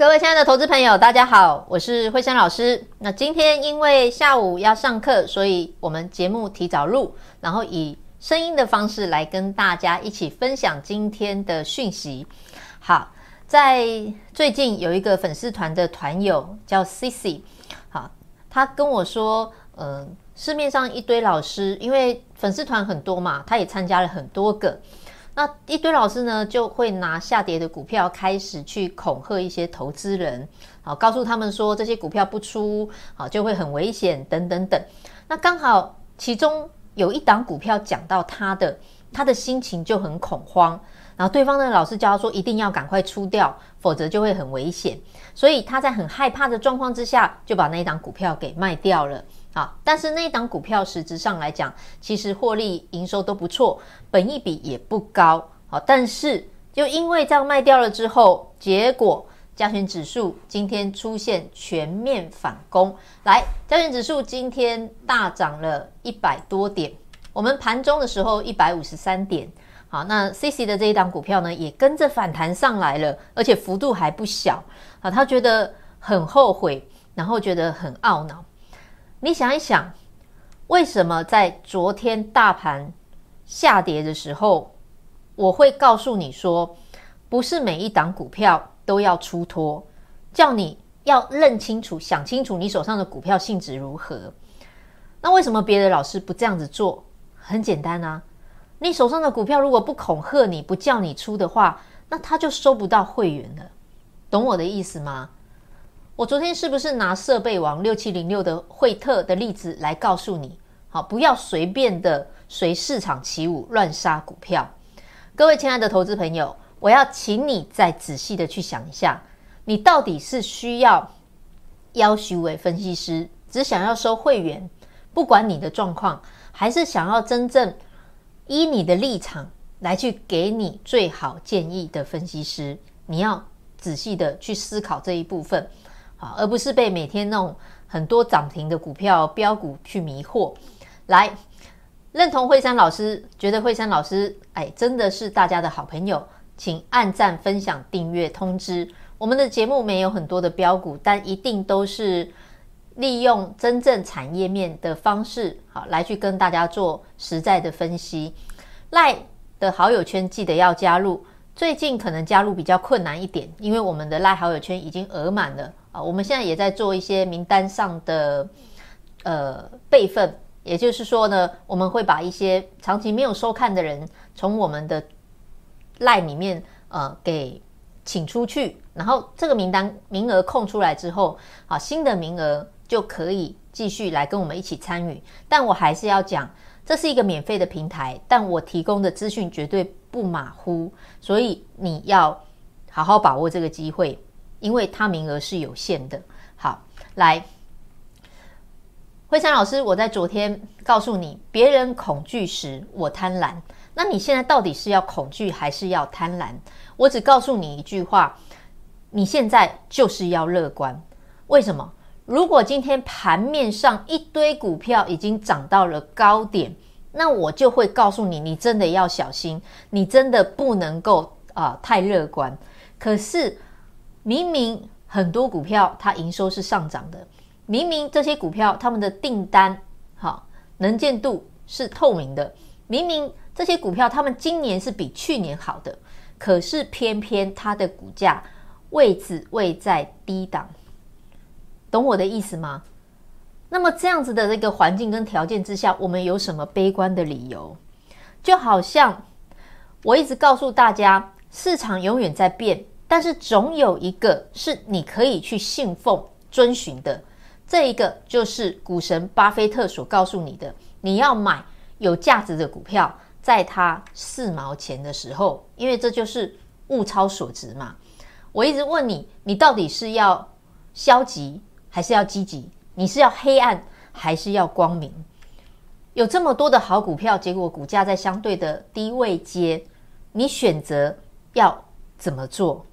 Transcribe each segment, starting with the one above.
各位親愛的投資朋友，大家好，我是惠珊老師。那今天因為下午要上課，所以我們節目提早錄，然後以聲音的方式來跟大家一起分享今天的訊息。好，在最近有一個粉絲團的團友叫 Cici 好，他跟我說，嗯、呃，市面上一堆老師，因為粉絲團很多嘛，他也參加了很多個。那一堆老師呢，就會拿下跌的股票開始去恐嚇一些投資人，好，告訴他們說，這些股票不出，好就會很危險等等等。那剛好其中有一檔股票講到他的，他的心情就很恐慌。然後對方的老師教他說一定要趕快出掉，否則就會很危險。所以他在很害怕的狀況之下，就把那一檔股票給賣掉了。啊！但是那一檔股票實質上來講，其實獲利營收都不錯，本益比也不高。好、啊，但是就因為這樣賣掉了之後，結果加權指數今天出現全面反攻，來，加權指數今天大漲了一百多點。我們盤中的時候一百五十三點。好、啊，那 CC 的這一檔股票呢，也跟着反彈上來了，而且幅度還不小。啊，他覺得很後悔，然後覺得很懊惱。你想一想，為什麼在昨天大盤下跌的時候，我會告訴你說，不是每一檔股票都要出脫，叫你要認清楚、想清楚你手上的股票性質如何？那為什麼別的老師不這樣子做？很簡單啊，你手上的股票如果不恐嚇你，不叫你出的話，那他就收不到會員了，懂我的意思嗎？我昨天是不是拿設備王六七零六的惠特的例子來告訴你？好，不要隨便的隨市場起舞，亂殺股票。各位親愛的投資朋友，我要請你再仔細的去想一下，你到底是需要麼獸分析師，只想要收會員，不管你的狀況，還是想要真正依你的立場來去給你最好建議的分析師？你要仔細的去思考這一部分。好，而不是被每天那種很多漲停的股票、標股去迷惑。來認同惠珊老師，覺得惠珊老師哎，真的是大家的好朋友，請按讚、分享、訂閱、通知。我們的節目沒有很多的標股，但一定都是利用真正產業面的方式，好來去跟大家做實在的分析。LINE 的好友圈記得要加入，最近可能加入比較困難一點，因為我們的 LINE 好友圈已經額滿了。啊，我們現在也在做一些名單上的呃備份，也就是說呢，我們會把一些長期沒有收看的人從我們的 LINE 裡面呃給請出去，然後這個名單名額空出來之後，啊新的名額就可以繼續來跟我們一起參與。但我還是要講，這是一個免費的平台，但我提供的資訊絕對不馬虎，所以你要好好把握這個機會。因為他名額是有限的。好，來，惠珊老師，我在昨天告訴你，別人恐懼時，我貪婪。那你現在到底是要恐懼還是要貪婪？我只告訴你一句話：你現在就是要樂觀。為什麼？如果今天盤面上一堆股票已經漲到了高點，那我就會告訴你，你真的要小心，你真的不能夠啊、呃、太樂觀。可是。明明很多股票它營收是上漲的，明明這些股票他們的訂單哈、哦，能見度是透明的，明明這些股票他們今年是比去年好的，可是偏偏它的股價位置位在低檔，懂我的意思嗎？那麼這樣子的這個環境跟條件之下，我們有什麼悲觀的理由？就好像我一直告訴大家，市場永遠在變。但是總有一個是你可以去信奉、遵循的，這一個就是股神巴菲特所告訴你的：你要買有價值的股票，在它四毛錢的時候，因為這就是物超所值嘛。我一直問你，你到底是要消極還是要積極？你是要黑暗還是要光明？有這麼多的好股票，結果股價在相對的低位階，你選擇要怎麼做？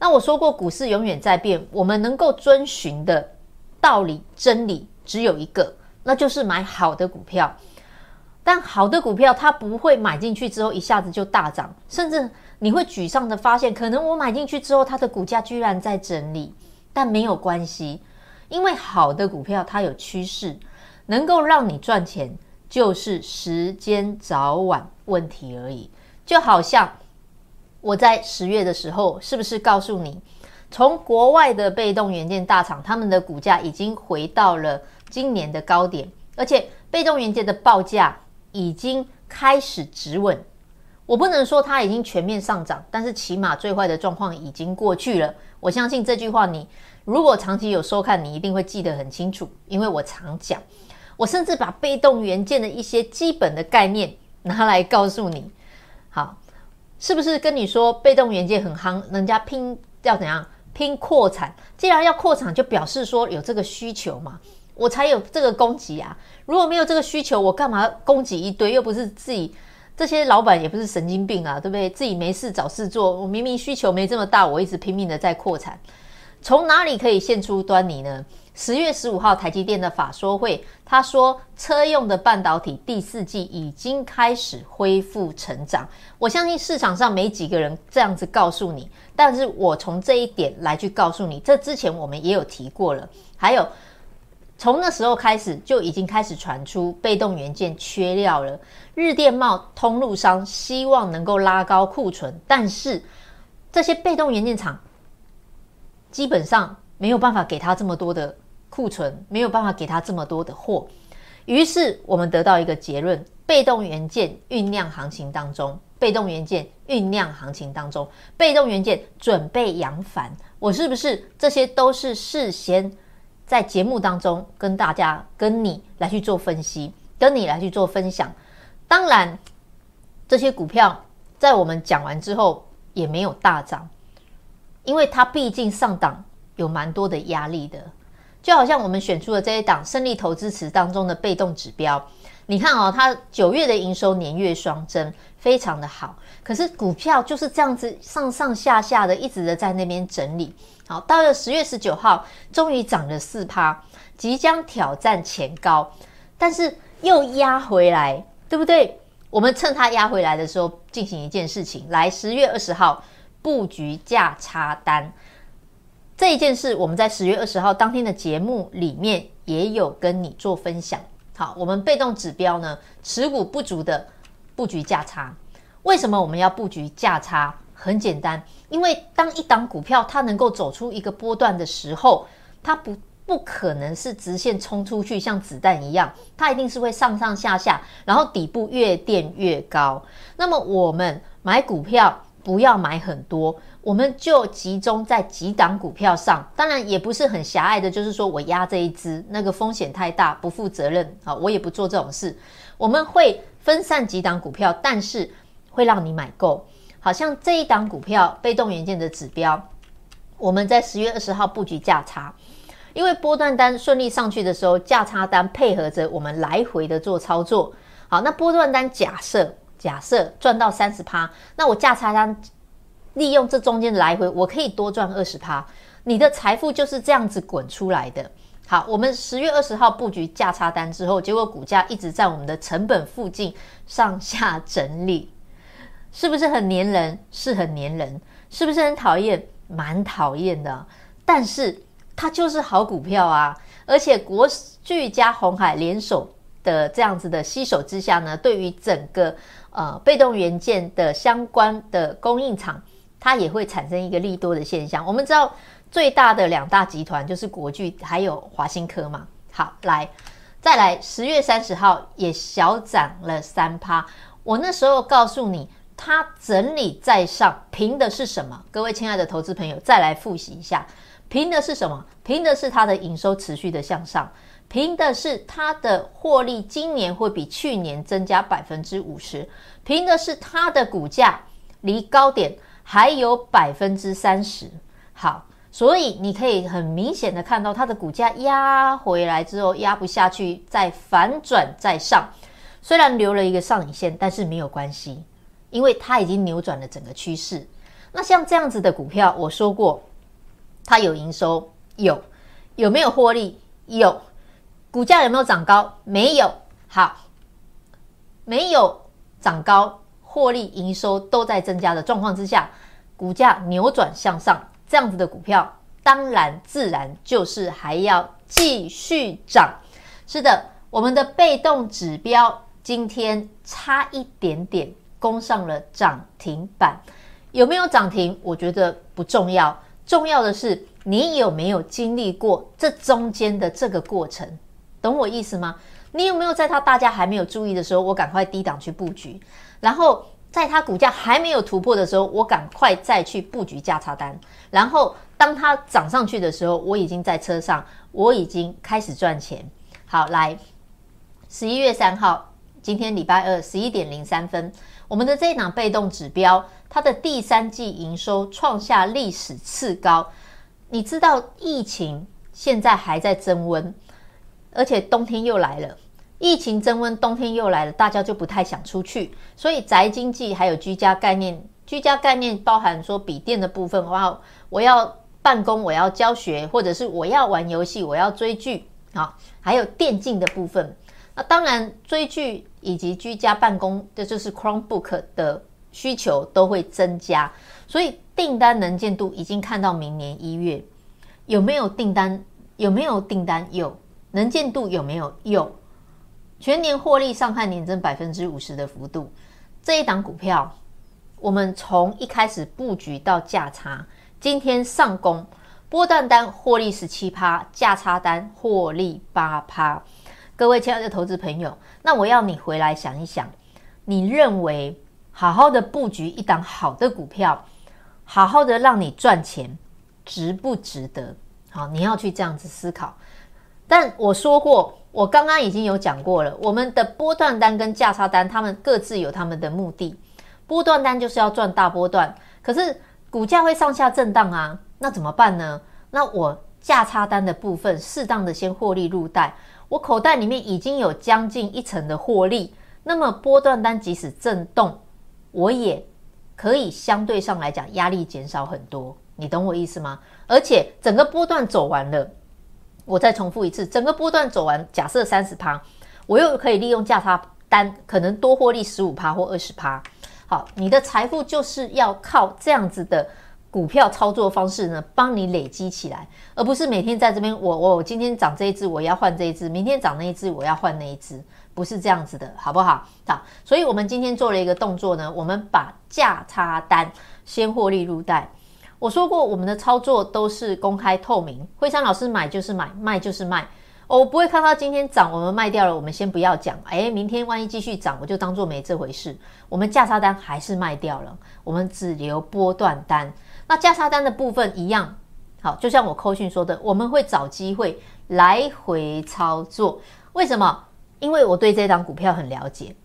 那我說過，股市永遠在變，我們能夠遵循的道理、真理只有一個，那就是買好的股票。但好的股票，它不會買進去之後一下子就大漲，甚至你會沮喪的發現，可能我買進去之後，它的股價居然在整理。但沒有關係，因為好的股票它有趨勢，能夠讓你賺錢，就是時間早晚問題而已。就好像，我在十月的時候，是不是告訴你，從國外的被動元件大廠，他們的股價已經回到了今年的高點，而且被動元件的報價已經開始止穩。我不能說它已經全面上漲，但是起碼最壞的狀況已經過去了。我相信這句話，你如果長期有收看，你一定會記得很清楚，因為我常講，我甚至把被動元件的一些基本的概念拿來告訴你。好。是不是跟你說被動元件很夯？人家拼要怎樣拼擴產？既然要擴產，就表示說有這個需求嘛，我才有這個供給啊。如果沒有這個需求，我幹嘛供給一堆？又不是自己這些老板也不是神經病啊，對不對？自己沒事找事做，我明明需求沒這麼大，我一直拼命的在擴產。從哪裡可以現出端倪呢？十月十五號，台積電的法說會，他說車用的半導體第四季已經開始恢復成長。我相信市場上沒幾個人這樣子告訴你，但是我從這一點來去告訴你。這之前我們也有提過了，還有從那時候開始就已經開始傳出被動元件缺料了，日電貿通路商希望能夠拉高庫存，但是這些被動元件廠。基本上沒有辦法給他這麼多的庫存，沒有辦法給他這麼多的貨，於是我們得到一個結論：被動元件醞釀行情當中，被動元件醞釀行情當中，被動元件準備揚帆。我是不是這些都是事先在節目當中跟大家、跟你來去做分析，跟你來去做分享？當然，這些股票在我們講完之後也沒有大漲。因為它畢竟上檔有蠻多的壓力的，就好像我們選出了這一檔勝利投資池當中的被動指標，你看哦，它九月的營收年月雙增，非常的好。可是股票就是這樣子上上下下的，一直的在那邊整理。好，到了十月十九號，終於漲了四趴，即將挑戰前高，但是又壓回來，對不對？我們趁它壓回來的時候，進行一件事情，來十月二十號。布局價差單這一件事，我們在十月二十號當天的節目裡面也有跟你做分享。好，我們被動指標呢，持股不足的布局價差。為什麼我們要布局價差？很簡單，因為當一檔股票它能夠走出一個波段的時候，它不不可能是直線衝出去，像子彈一樣，它一定是會上上下下，然後底部越墊越高。那麼我們買股票。不要買很多，我們就集中在幾檔股票上。當然也不是很狹隘的，就是說我押這一只，那個風險太大，不負責任啊，我也不做這種事。我們會分散幾檔股票，但是會讓你買夠。好像這一檔股票被動元件的指標，我們在十月二十號布局價差，因為波段單順利上去的時候，價差單配合着我們來回的做操作。好，那波段單假設。假設賺到三十趴，那我價差單利用這中間來回，我可以多賺二十趴。你的財富就是這樣子滾出來的。好，我們十月二十號布局價差單之後，結果股價一直在我們的成本附近上下整理，是不是很黏人？是很黏人，是不是很討厭？蠻討厭的、啊，但是它就是好股票啊！而且國巨加紅海聯手的這樣子的攜手之下呢，對於整個。呃，被動元件的相關的供應廠，它也會產生一個利多的現象。我們知道最大的兩大集團就是國巨還有華新科嘛。好，來，再來，十月三十號也小漲了三趴。我那時候告訴你，它整理在上，憑的是什麼？各位親愛的投資朋友，再來複習一下，憑的是什麼？憑的是它的營收持續的向上。憑的是它的獲利今年會比去年增加百分之五十，憑的是它的股價離高點還有百分之三十。好，所以你可以很明顯的看到它的股價壓回來之後壓不下去，再反轉再上，雖然留了一個上影線，但是沒有關係，因為它已經扭轉了整個趨勢。那像這樣子的股票，我說過，它有營收，有有沒有獲利？有。股價有沒有漲高？沒有，好，沒有漲高，獲利營收都在增加的狀況之下，股價扭轉向上，這樣子的股票，當然自然就是還要繼續漲。是的，我們的被動指標今天差一點點攻上了漲停板，有沒有漲停？我覺得不重要，重要的是你有沒有經歷過這中間的這個過程。懂我意思嗎？你有沒有在它大家還沒有注意的時候，我趕快低檔去布局，然後在它股價還沒有突破的時候，我趕快再去布局價差單，然後當它漲上去的時候，我已經在車上，我已經開始賺錢。好，來，十一月三號，今天禮拜二，十一點零三分，我們的這一檔被動指標，它的第三季營收創下歷史次高。你知道疫情現在還在增溫。而且冬天又來了，疫情增溫，冬天又來了，大家就不太想出去，所以宅經濟還有居家概念。居家概念包含說筆電的部分，哇，我要辦公，我要教學，或者是我要玩遊戲，我要追劇，啊，還有電競的部分。那當然追劇以及居家辦公，這就是 Chromebook 的需求都會增加，所以訂單能見度已經看到明年一月，有沒有訂單？有沒有訂單？有。能見度有沒有用？全年獲利上看年增百分之五十的幅度。這一檔股票，我們從一開始布局到價差，今天上攻，波段單獲利十七趴，價差單獲利八趴。各位親愛的投資朋友，那我要你回來想一想，你認為好好的布局一檔好的股票，好好的讓你賺錢，值不值得？好，你要去這樣子思考。但我說過，我剛剛已經有講過了，我們的波段單跟價差單，他們各自有他們的目的。波段單就是要賺大波段，可是股價會上下震盪啊，那怎麼辦呢？那我價差單的部分，適當的先獲利入袋，我口袋裡面已經有將近一成的獲利，那麼波段單即使震動，我也可以相對上來講壓力減少很多，你懂我意思嗎？而且整個波段走完了。我再重複一次，整個波段走完，假設三十趴，我又可以利用價差單，可能多獲利十五趴或二十趴。好，你的財富就是要靠這樣子的股票操作方式呢，幫你累積起來，而不是每天在這邊，我我、哦、我今天漲這一隻，我要換這一隻，明天漲那一隻，我要換那一隻，不是這樣子的，好不好？好，所以我們今天做了一個動作呢，我們把價差單先獲利入袋。我說過，我們的操作都是公開透明，惠珊老師買就是買，賣就是賣。哦，我不會看到今天漲，我們賣掉了，我們先不要講。誒，明天萬一繼續漲，我就當做沒這回事。我們價差單還是賣掉了，我們只留波段單。那價差單的部分一樣，好，就像我扣訊說的，我們會找機會來回操作。為什麼？因為我對這檔股票很了解，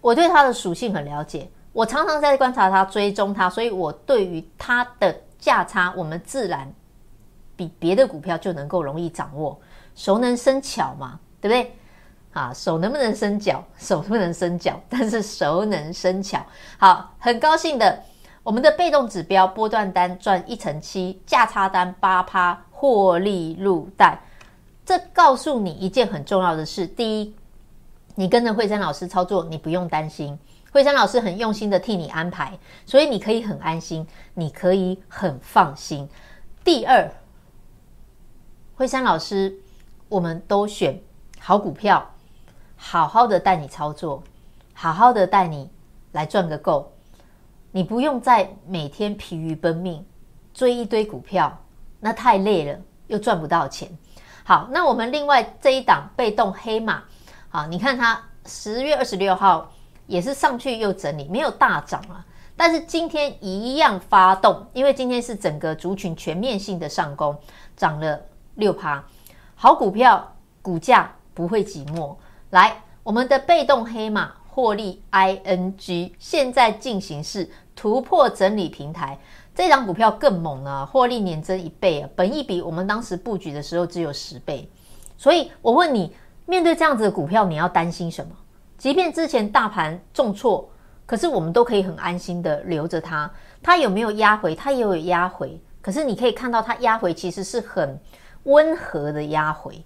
我對它的屬性很了解，我常常在觀察它、追蹤它，所以我對於它的。價差，我們自然比別的股票就能夠容易掌握，熟能生巧嘛，對不對？啊，手能不能生腳？手不能生腳，但是熟能生巧。好，很高興的，我們的被動指標波段單賺一成七，價差單八趴獲利入袋。這告訴你一件很重要的事：第一，你跟着惠珊老師操作，你不用擔心。惠珊老師很用心的替你安排，所以你可以很安心，你可以很放心。第二，惠珊老師，我們都選好股票，好好的帶你操作，好好的帶你來賺個夠。你不用再每天疲於奔命追一堆股票，那太累了，又賺不到錢。好，那我們另外這一檔被動黑馬，好，你看它十月二十六號。也是上去又整理，沒有大漲了啊。但是今天一樣發動，因為今天是整個族群全面性的上攻，漲了六趴。好股票股價不會寂寞。來，我們的被動黑馬獲利 ING 現在進行式突破整理平台，這張股票更猛啊，獲利年增一倍啊，本益比我們當時布局的時候只有十倍。所以我問你，面對這樣子的股票，你要擔心什麼？即便之前大盤重挫，可是我們都可以很安心的留着它。它有沒有壓回？它也有壓回，可是你可以看到它壓回其實是很溫和的壓回。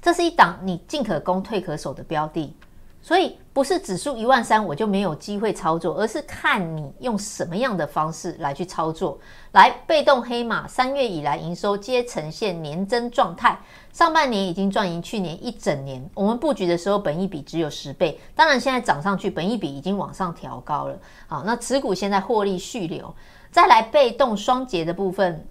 這是一檔你進可攻退可守的標的，所以。不是指數一萬三我就沒有機會操作，而是看你用什麼樣的方式來去操作。來，被動黑馬三月以來營收皆呈現年增狀態，上半年已經賺贏去年一整年。我們佈局的時候，本益比只有十倍，當然現在漲上去，本益比已經往上調高了。好，啊，那持股現在獲利續留，再來被動雙節的部分，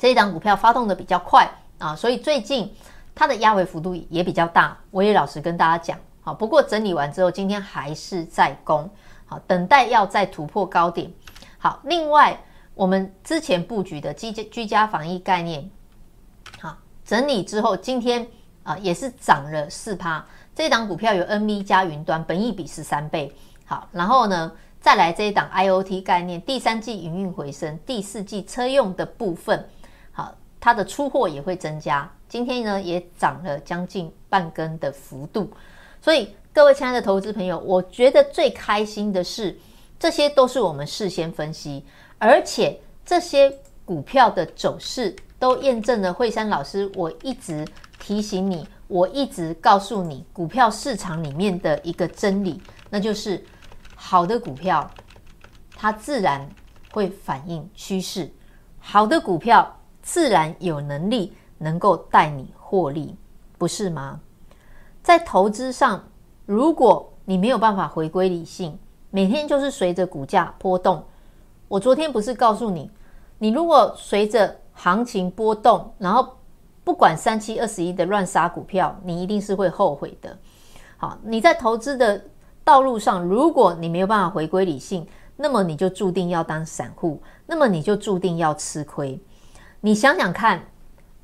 這一檔股票發動得比較快啊，所以最近它的壓回幅度也比較大。我也老實跟大家講。好，不過整理完之後，今天還是在攻，好，等待要再突破高點。好，另外我們之前布局的居居家防疫概念，好，整理之後今天啊，呃，也是漲了四趴。這檔股票有 NV 加雲端，本益比十三倍。好，然後呢再來這一檔 IOT 概念，第三季營運回升，第四季車用的部分，好，它的出貨也會增加，今天呢也漲了將近半根的幅度。所以，各位親愛的投資朋友，我覺得最開心的是，這些都是我們事先分析，而且這些股票的走勢都驗證了惠珊老師。我一直提醒你，我一直告訴你，股票市場裡面的一個真理，那就是好的股票，它自然會反映趨勢，好的股票自然有能力能夠帶你獲利，不是嗎？在投資上，如果你沒有辦法回歸理性，每天就是隨着股價波動。我昨天不是告訴你，你如果隨着行情波動，然後不管三七二十一的亂殺股票，你一定是會後悔的。好，你在投資的道路上，如果你沒有辦法回歸理性，那麼你就注定要當散戶，那麼你就注定要吃虧。你想想看，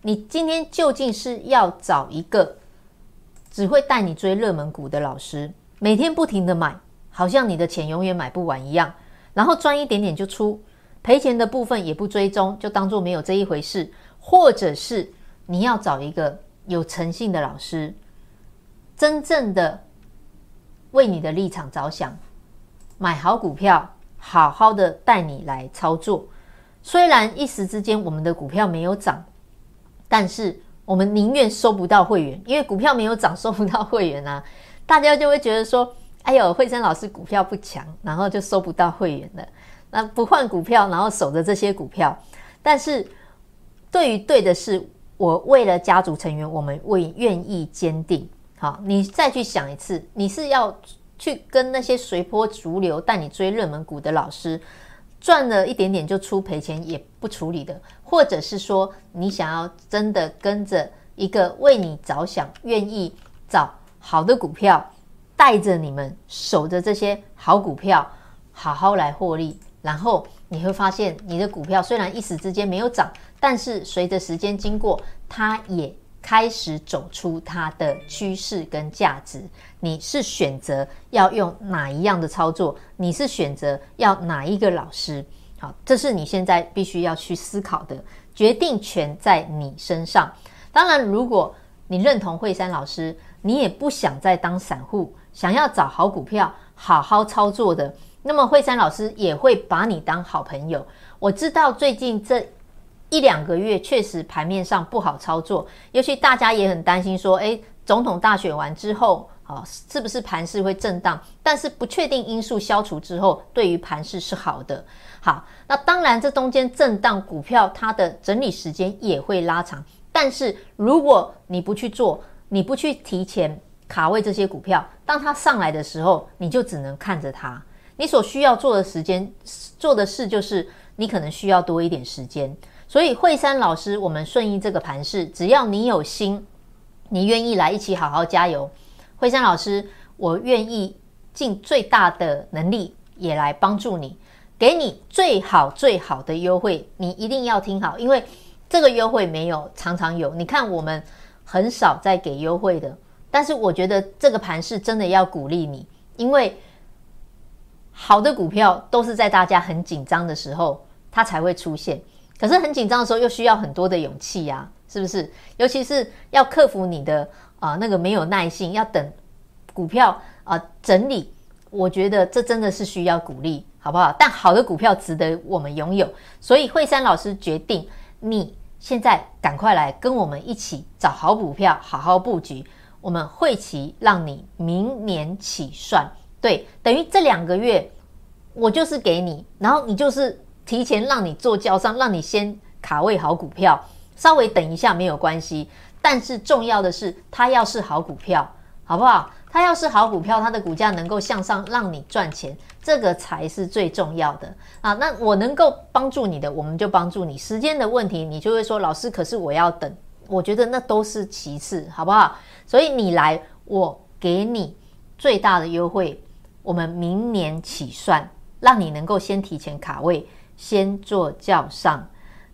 你今天究竟是要找一個，只會帶你追熱門股的老師，每天不停的買，好像你的錢永遠買不完一樣，然後賺一點點就出，賠錢的部分也不追蹤，就當做沒有這一回事。或者是你要找一個有誠信的老師，真正的為你的立場着想，買好股票，好好的帶你來操作。雖然一時之間我們的股票沒有漲，但是……我們寧願收不到會員，因為股票沒有漲，收不到會員啊！大家就會覺得說：“哎呦，惠珊老師股票不強，然後就收不到會員了。”那不換股票，然後守着這些股票。但是，對於對的是，我為了家族成員，我們為願意堅定。好，你再去想一次，你是要去跟那些隨波逐流帶你追熱門股的老師？賺了一點點就出，賠錢也不處理的，或者是說你想要真的跟着一個為你着想、願意找好的股票，帶着你們守着這些好股票，好好來獲利，然後你會發現你的股票雖然一時之間沒有漲，但是隨着時間經過，它也開始走出它的趨勢跟價值。你是選擇要用哪一樣的操作？你是選擇要哪一個老師？好，這是你現在必須要去思考的。決定權在你身上。當然，如果你認同惠珊老師，你也不想再當散戶，想要找好股票好好操作的，那麼惠珊老師也會把你當好朋友。我知道最近這一兩個月確實盤面上不好操作，尤其大家也很擔心說：“誒，總統大選完之後。”啊、哦，是不是盤勢會震盪？但是不確定因素消除之後，對於盤勢是好的。好，那當然，這中間震盪股票它的整理時間也會拉長。但是如果你不去做，你不去提前卡位這些股票，當它上來的時候，你就只能看着它。你所需要做的時間、做的事，就是你可能需要多一點時間。所以，惠珊老師，我們順應這個盤勢，只要你有心，你願意來一起好好加油。惠珊老師，我願意盡最大的能力也來幫助你，給你最好最好的優惠。你一定要聽好，因為這個優惠沒有常常有。你看我們很少在給優惠的，但是我覺得這個盤是真的要鼓勵你，因為好的股票都是在大家很緊張的時候它才會出現。可是很緊張的時候又需要很多的勇氣呀、啊，是不是？尤其是要克服你的，啊、呃，那個沒有耐性，要等股票啊、呃、整理。我覺得這真的是需要鼓勵，好不好？但好的股票值得我們擁有，所以惠珊老師決定，你現在趕快來跟我們一起找好股票，好好布局。我們會期讓你明年起算，對，等於這兩個月我就是給你，然後你就是提前讓你做交商，讓你先卡位好股票，稍微等一下沒有關係。但是重要的是，它要是好股票，好不好？它要是好股票，它的股價能夠向上，讓你賺錢，這個才是最重要的啊！那我能夠幫助你的，我們就幫助你。時間的問題，你就會說，老師，可是我要等。我覺得那都是其次，好不好？所以你來，我給你最大的優惠，我們明年起算，讓你能夠先提前卡位，先坐轎上，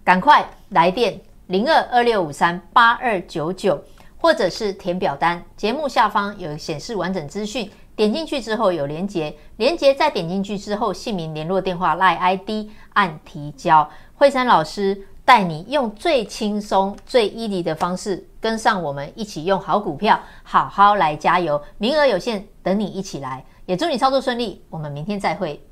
趕快來電。零二二六五三八二九九，或者是填表單，節目下方有顯示完整資訊，點進去之後有鏈接，鏈接再點進去之後，姓名、聯絡電話、LINE ID 按提交。惠珊老師帶你用最輕鬆、最 easy 的方式跟上我們，一起用好股票，好好來加油。名額有限，等你一起來，也祝你操作順利。我們明天再會。